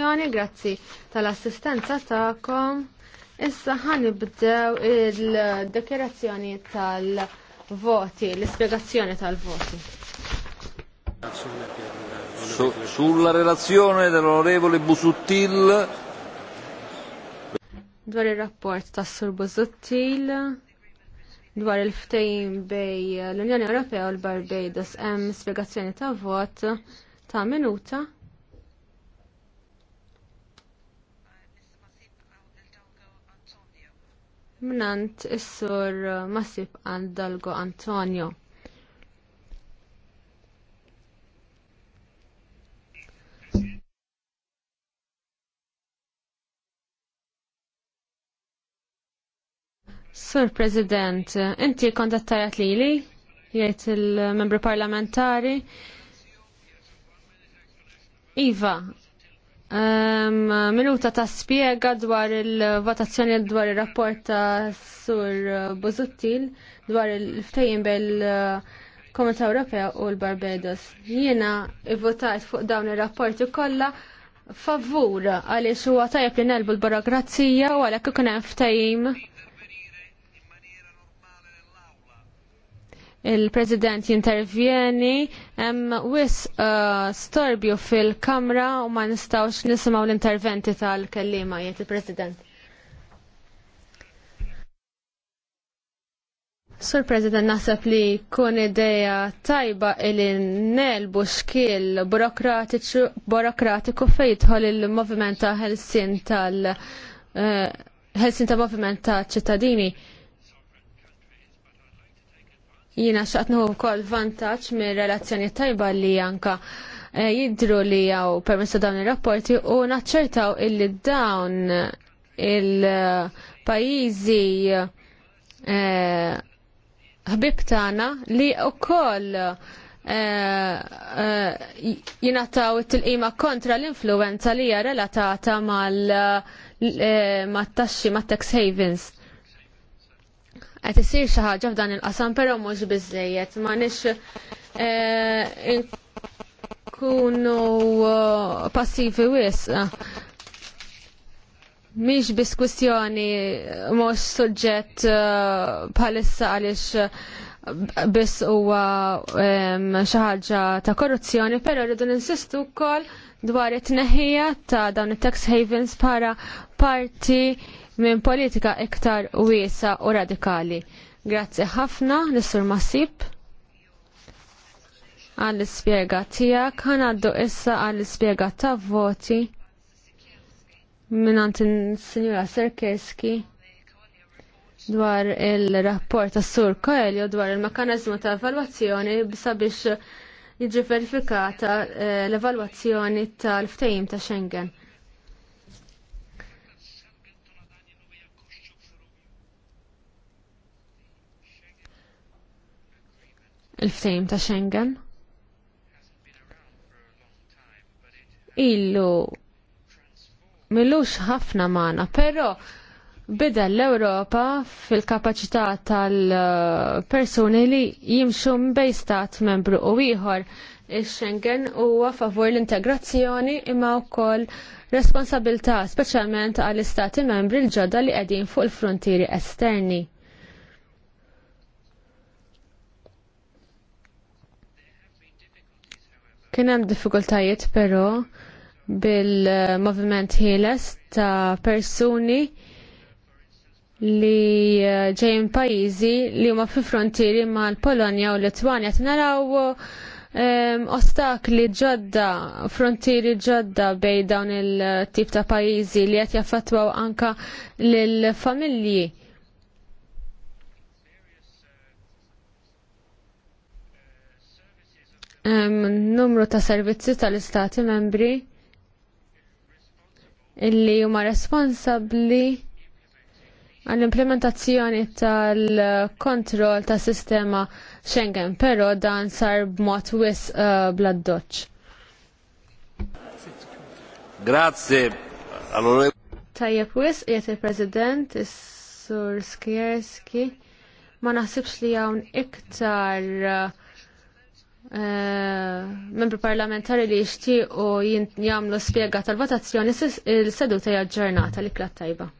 attenzjoni grazzi tal-assistenza ta'kom. Issa ħanibdew il dekorazzjoni tal-voti, l-ispiegazzjoni tal-voti. Sulla relazione dell'onorevole Busuttil. Dwar il-rapport tas Sur Busuttil dwar il-ftejn bej l-Unjoni Ewropea u l-Barbados hemm spiegazzjoni ta' vot ta' minuta. Mnant is-sur Masib Dalgo Antonio. Sur President, inti kontattajat li li, jgħid il-membru parlamentari. Iva, Ehm, minuta ta' spiega dwar il-votazzjoni dwar il-rapport ta' Sur Bozuttil dwar il-ftejn bel eh, Komunità Ewropea u l-Barbados. Jiena votajt fuq dawn ir-rapporti kollha favur għaliex huwa tajjeb li nelbu l-burokrazija u għalhekk ikun hemm ftehim il-President jintervjeni, hemm wis uh, storbju fil-kamra u ma nistawx nisimgħu l-interventi tal-kellima jgħid il-President. Sur President, naħseb li kun ideja tajba li nelbu xkiel burokratiku fej jidħol il-moviment ta' Helsin tal- uh, Helsin ta' moviment ta' ċittadini Jina xatnu u kol vantaċ minn relazzjoni tajba li anka eh, jidru li jaw permessa dawn il-rapporti u naċċertaw illi dawn il-pajizi eh, ħbib tagħna li wkoll eh, jinataw it-tilqima kontra l-influenza li hija relatata mal-taxxi mat-tax havens qed isir xi ħaġa f'dan il-qasam però mhux biżejjed ma nix eh, kunu eh, passivi wis. Mhix biskussjoni kwistjoni mhux suġġett eh, bħalissa għaliex biss huwa xi ħaġa ta' korruzzjoni, però rridu ninsistu wkoll dwar it-tneħħija ta' dawn it-tax havens para parti minn politika iktar wiesa u radikali. Grazzi ħafna, Nissur Masib għall ispjega tiegħek ħanaddu issa għall ispjega ta' voti minn il sinjura Serkeski dwar il-rapport tas sur Coelho dwar il-mekanizmu ta' evalwazzjoni sabiex jiġi verifikata eh, l-evalwazzjoni tal-ftehim ta' Schengen. il ftehim ta' Schengen? Illu millux ħafna mana, pero bidel l-Europa fil-kapacità tal-persuni li jimxu mbej stat membru u ieħor. Ix-Schengen huwa favur l-integrazzjoni imma wkoll responsabilità speċjalment għall istati membri l-ġodda li qegħdin fuq il-frontieri esterni. Kien hemm diffikultajiet però bil-moviment ħieles ta' persuni li eh, ġejjin pajjiżi li huma fi frontieri mal Polonja u Litwanja naraw um, ostakli ġodda, frontieri ġodda bej dawn il-tip ta' pajjiżi li qed jaffatwaw anka l familji um, ehm, numru ta' servizzi tal-istati membri illi huma responsabbli għall-implementazzjoni tal-kontroll tas sistema Schengen, però dan sar b'mod wis uh, bladdoċ. Grazie. Allora... Tajjeb wis, jiet il-President, Sur Skierski, ma naħsibx li hawn iktar uh, membri parlamentari li jixtiequ jagħmlu spjega tal-votazzjoni il-seduta hija ġġornata li klat tajba.